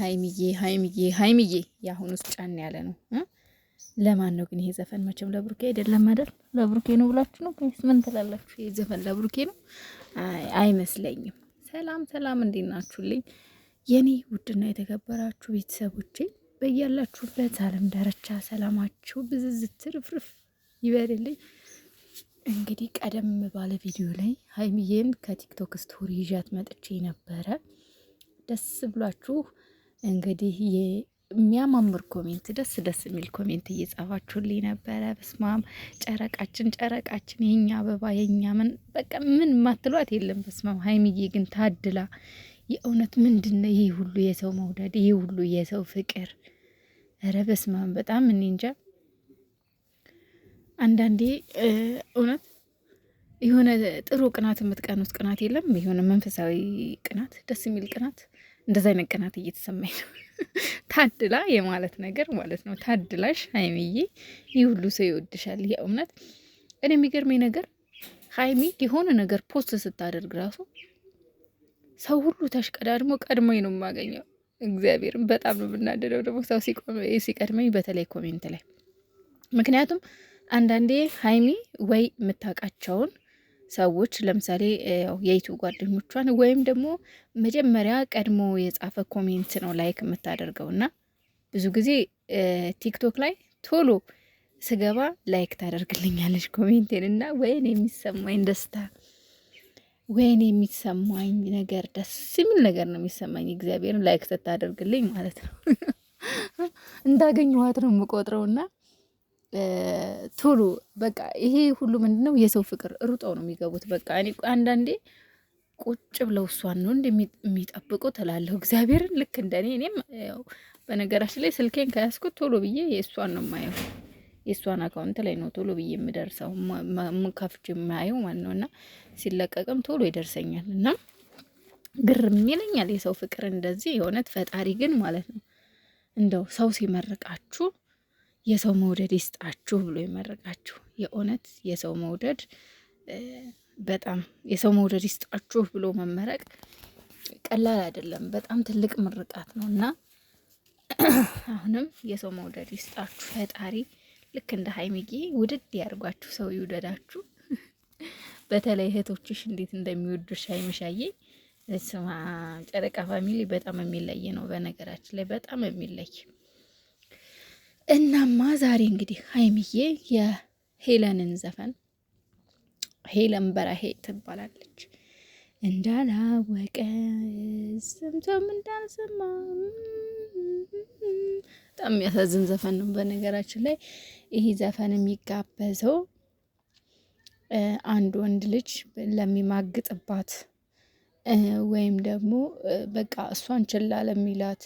ሀይሚዬ ሀይሚዬ ሀይሚዬ የአሁኑ ውስጥ ጫን ያለ ነው። ለማን ነው ግን ይሄ ዘፈን? መቼም ለብሩኬ አይደለም አይደል? ለብሩኬ ነው ብላችሁ ነው ወይስ ምን ትላላችሁ? ይሄ ዘፈን ለብሩኬ ነው አይመስለኝም። ሰላም ሰላም፣ እንዴት ናችሁልኝ የኔ ውድና የተከበራችሁ ቤተሰቦቼ በያላችሁበት ዓለም ዳርቻ ሰላማችሁ ብዝዝት ርፍርፍ ይበልልኝ። እንግዲህ ቀደም ባለ ቪዲዮ ላይ ሀይሚዬን ከቲክቶክ ስቶሪ ይዣት መጥቼ ነበረ። ደስ ብሏችሁ እንግዲህ የሚያማምር ኮሜንት ደስ ደስ የሚል ኮሜንት እየጻፋችሁልኝ ነበረ። በስማም ጨረቃችን ጨረቃችን፣ የኛ አበባ የኛ ምን በቃ ምን ማትሏት የለም። በስማም ሀይሚዬ ግን ታድላ የእውነት ምንድን ነው ይህ ሁሉ የሰው መውደድ፣ ይህ ሁሉ የሰው ፍቅር? ኧረ በስማም በጣም እኔ እንጃ። አንዳንዴ እውነት የሆነ ጥሩ ቅናት የምትቀኑት ቅናት የለም። የሆነ መንፈሳዊ ቅናት፣ ደስ የሚል ቅናት እንደዛ መቀናት እየተሰማኝ ነው። ታድላ የማለት ነገር ማለት ነው። ታድላሽ ሀይሚዬ፣ ይህ ሁሉ ሰው ይወድሻል። ይህ እውነት እኔ የሚገርመኝ ነገር ሀይሚ የሆነ ነገር ፖስት ስታደርግ ራሱ ሰው ሁሉ ተሽቀዳድሞ ቀድሞኝ ነው የማገኘው። እግዚአብሔርም በጣም ነው የምናደደው ደግሞ ሰው ሲቀድመኝ፣ በተለይ ኮሜንት ላይ ምክንያቱም አንዳንዴ ሀይሚ ወይ የምታውቃቸውን ሰዎች ለምሳሌ የይቱ ጓደኞቿን ወይም ደግሞ መጀመሪያ ቀድሞ የጻፈ ኮሜንት ነው ላይክ የምታደርገው እና ብዙ ጊዜ ቲክቶክ ላይ ቶሎ ስገባ ላይክ ታደርግልኛለች ኮሜንቴን እና ወይን የሚሰማኝ ደስታ ወይን የሚሰማኝ ነገር ደስ የሚል ነገር ነው የሚሰማኝ። እግዚአብሔርን ላይክ ስታደርግልኝ ማለት ነው እንዳገኘኋት ነው እና ቶሎ በቃ ይሄ ሁሉ ምንድነው የሰው ፍቅር ሩጠው ነው የሚገቡት። በቃ እኔ አንዳንዴ ቁጭ ብለው እሷን ነው እንደሚጠብቁ ትላለሁ። እግዚአብሔርን ልክ እንደኔ እኔም በነገራችን ላይ ስልኬን ከያዝኩት ቶሎ ብዬ የእሷን ነው የማየው። የእሷን አካውንት ላይ ነው ቶሎ ብዬ የምደርሰው ከፍቼ የማየው ማለት ነው። እና ሲለቀቅም ቶሎ ይደርሰኛል እና ግርም ይለኛል የሰው ፍቅር እንደዚህ የእውነት ፈጣሪ ግን ማለት ነው እንደው ሰው ሲመርቃችሁ የሰው መውደድ ይስጣችሁ ብሎ ይመረቃችሁ። የእውነት የሰው መውደድ በጣም የሰው መውደድ ይስጣችሁ ብሎ መመረቅ ቀላል አይደለም፣ በጣም ትልቅ ምርቃት ነው እና አሁንም የሰው መውደድ ይስጣችሁ ፈጣሪ ልክ እንደ ሀይሚጌ ውድድ ያድርጓችሁ፣ ሰው ይውደዳችሁ። በተለይ እህቶችሽ እንዴት እንደሚወዱሽ ሀይሚሻዬ ስማ፣ ጨረቃ ፋሚሊ በጣም የሚለይ ነው። በነገራችን ላይ በጣም የሚለይ እናማ ዛሬ እንግዲህ ሀይሚዬ የሄለንን ዘፈን ሄለን በራሄ ትባላለች እንዳላወቀ ስምቶም እንዳልሰማ በጣም የሚያሳዝን ዘፈን ነው። በነገራችን ላይ ይህ ዘፈን የሚጋበዘው አንድ ወንድ ልጅ ለሚማግጥባት ወይም ደግሞ በቃ እሷን ችላ ለሚላት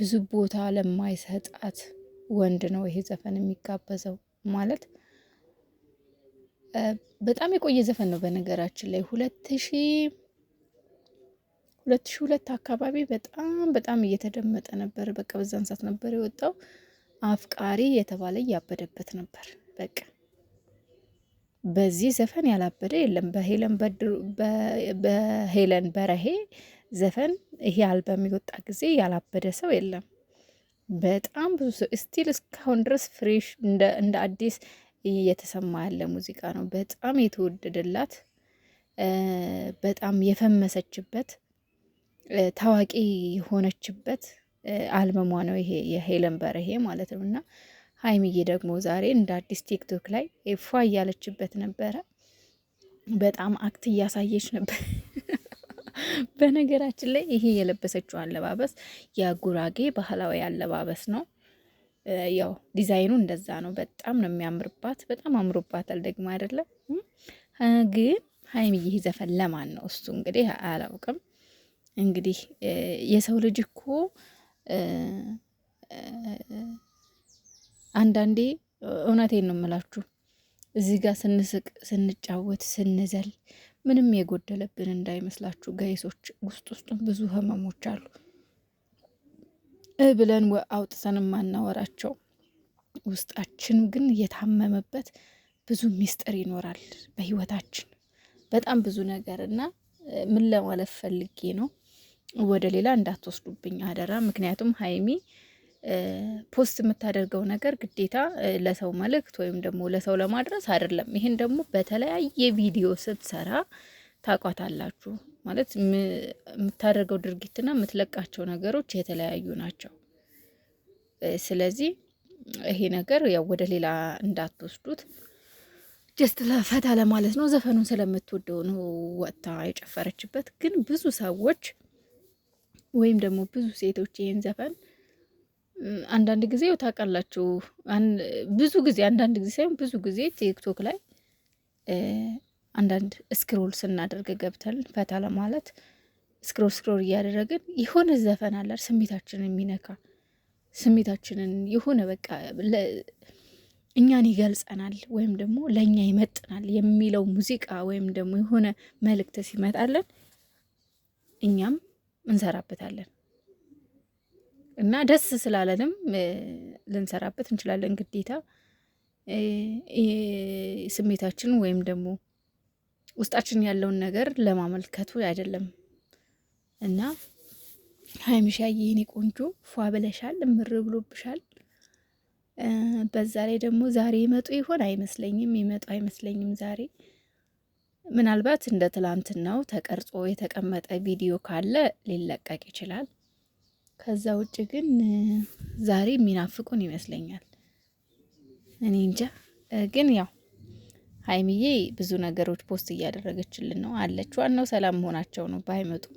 ብዙ ቦታ ለማይሰጣት ወንድ ነው ይሄ ዘፈን የሚጋበዘው ማለት በጣም የቆየ ዘፈን ነው። በነገራችን ላይ ሁለት ሺ ሁለት ሺ ሁለት አካባቢ በጣም በጣም እየተደመጠ ነበር። በቃ በዛን ሰዓት ነበር የወጣው። አፍቃሪ የተባለ እያበደበት ነበር። በቃ በዚህ ዘፈን ያላበደ የለም። በሄለን በሄለን በረሄ ዘፈን ይሄ አልበም የወጣ ጊዜ ያላበደ ሰው የለም። በጣም ብዙ ሰው ስቲል እስካሁን ድረስ ፍሬሽ እንደ አዲስ እየተሰማ ያለ ሙዚቃ ነው። በጣም የተወደደላት በጣም የፈመሰችበት ታዋቂ የሆነችበት አልበሟ ነው ይሄ የሄለን በርሄ ማለት ነው። እና ሀይሚዬ ደግሞ ዛሬ እንደ አዲስ ቲክቶክ ላይ ፏ እያለችበት ነበረ። በጣም አክት እያሳየች ነበር። በነገራችን ላይ ይሄ የለበሰችው አለባበስ የጉራጌ ባህላዊ አለባበስ ነው። ያው ዲዛይኑ እንደዛ ነው። በጣም ነው የሚያምርባት። በጣም አምሮባታል ደግሞ አይደለም። ግን ሀይሚዬ ይህ ዘፈን ለማን ነው? እሱ እንግዲህ አላውቅም። እንግዲህ የሰው ልጅ እኮ አንዳንዴ እውነቴን ነው የምላችሁ እዚህ ጋር ስንስቅ፣ ስንጫወት፣ ስንዘል ምንም የጎደለብን እንዳይመስላችሁ ጋይሶች። ውስጥ ውስጡን ብዙ ህመሞች አሉ ብለን አውጥተን ማናወራቸው ውስጣችን ግን የታመመበት ብዙ ሚስጥር ይኖራል በህይወታችን በጣም ብዙ ነገር እና ምን ለማለት ፈልጌ ነው፣ ወደ ሌላ እንዳትወስዱብኝ አደራ። ምክንያቱም ሀይሚ ፖስት የምታደርገው ነገር ግዴታ ለሰው መልእክት ወይም ደግሞ ለሰው ለማድረስ አይደለም። ይህን ደግሞ በተለያየ ቪዲዮ ስትሰራ ታቋታላችሁ ማለት የምታደርገው ድርጊትና የምትለቃቸው ነገሮች የተለያዩ ናቸው። ስለዚህ ይሄ ነገር ያው ወደ ሌላ እንዳትወስዱት ጀስት ለፈታ ለማለት ነው። ዘፈኑን ስለምትወደው ነው ወጥታ የጨፈረችበት። ግን ብዙ ሰዎች ወይም ደግሞ ብዙ ሴቶች ይህን ዘፈን አንዳንድ ጊዜ ታውቃላችሁ፣ ብዙ ጊዜ አንዳንድ ጊዜ ሳይሆን ብዙ ጊዜ ቲክቶክ ላይ አንዳንድ ስክሮል ስናደርግ ገብተን ፈታ ለማለት ስክሮል ስክሮል እያደረግን የሆነ ዘፈን አለ ስሜታችንን የሚነካ ስሜታችንን የሆነ በቃ እኛን ይገልጸናል ወይም ደግሞ ለእኛ ይመጥናል የሚለው ሙዚቃ ወይም ደግሞ የሆነ መልእክት ሲመጣለን እኛም እንሰራበታለን። እና ደስ ስላለንም ልንሰራበት እንችላለን። ግዴታ ስሜታችን ወይም ደግሞ ውስጣችን ያለውን ነገር ለማመልከቱ አይደለም። እና ሀይምሻ የኔ ቆንጆ ፏ ብለሻል፣ ምር ብሎብሻል። በዛ ላይ ደግሞ ዛሬ ይመጡ ይሆን አይመስለኝም፣ ይመጡ አይመስለኝም ዛሬ ምናልባት እንደ ትላንትናው ተቀርጾ የተቀመጠ ቪዲዮ ካለ ሊለቀቅ ይችላል። ከዛ ውጭ ግን ዛሬ የሚናፍቁን ይመስለኛል። እኔ እንጃ። ግን ያው ሀይሚዬ ብዙ ነገሮች ፖስት እያደረገችልን ነው አለች። ዋናው ሰላም መሆናቸው ነው። ባይመጡም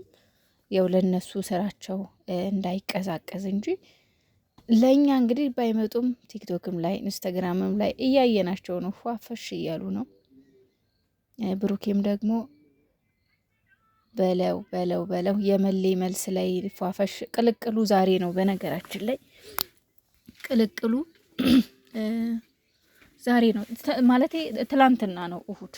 ያው ለነሱ ስራቸው እንዳይቀዛቀዝ እንጂ ለእኛ እንግዲህ ባይመጡም ቲክቶክም ላይ ኢንስታግራምም ላይ እያየናቸው ነው። ፏፈሽ እያሉ ነው። ብሩኬም ደግሞ በለው በለው በለው የመሌ መልስ ላይ ፏፈሽ ቅልቅሉ ዛሬ ነው። በነገራችን ላይ ቅልቅሉ ዛሬ ነው ማለት ትላንትና ነው እሁድ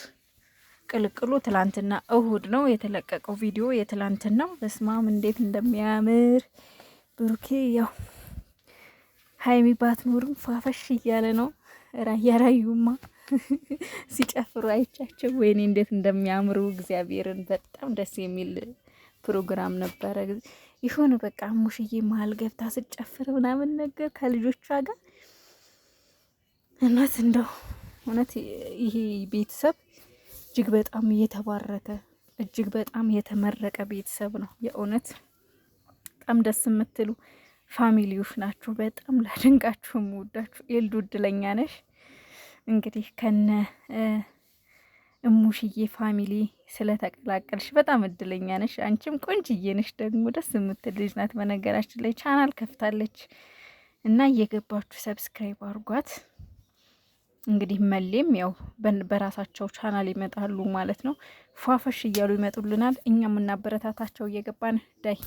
ቅልቅሉ ትላንትና እሁድ ነው የተለቀቀው ቪዲዮ የትላንትናው። በስማም እንዴት እንደሚያምር ብሩኬ ያው ሀይሚ ባትኖርም ፏፈሽ እያለ ነው ራያ ራዩማ ሲጨፍሩ አይቻቸው ወይኔ እንዴት እንደሚያምሩ እግዚአብሔርን በጣም ደስ የሚል ፕሮግራም ነበረ። ይሁን በቃ ሙሽዬ መሀል ገብታ ስጨፍር ምናምን ነገር ከልጆቿ ጋር እናት እንደው እውነት ይሄ ቤተሰብ እጅግ በጣም እየተባረከ እጅግ በጣም የተመረቀ ቤተሰብ ነው። የእውነት በጣም ደስ የምትሉ ፋሚሊዎች ናችሁ። በጣም ላደንቃችሁ፣ የምወዳችሁ ኤልዱ እድለኛ ነሽ። እንግዲህ ከነ እሙሽዬ ፋሚሊ ስለተቀላቀልሽ በጣም እድለኛ ነሽ። አንቺም ቆንጅዬ ነሽ፣ ደግሞ ደስ የምትል ልጅ ናት። በነገራችን ላይ ቻናል ከፍታለች እና እየገባችሁ ሰብስክራይብ አድርጓት። እንግዲህ መሌም ያው በራሳቸው ቻናል ይመጣሉ ማለት ነው። ፏፈሽ እያሉ ይመጡልናል። እኛም እናበረታታቸው እየገባን ዳይ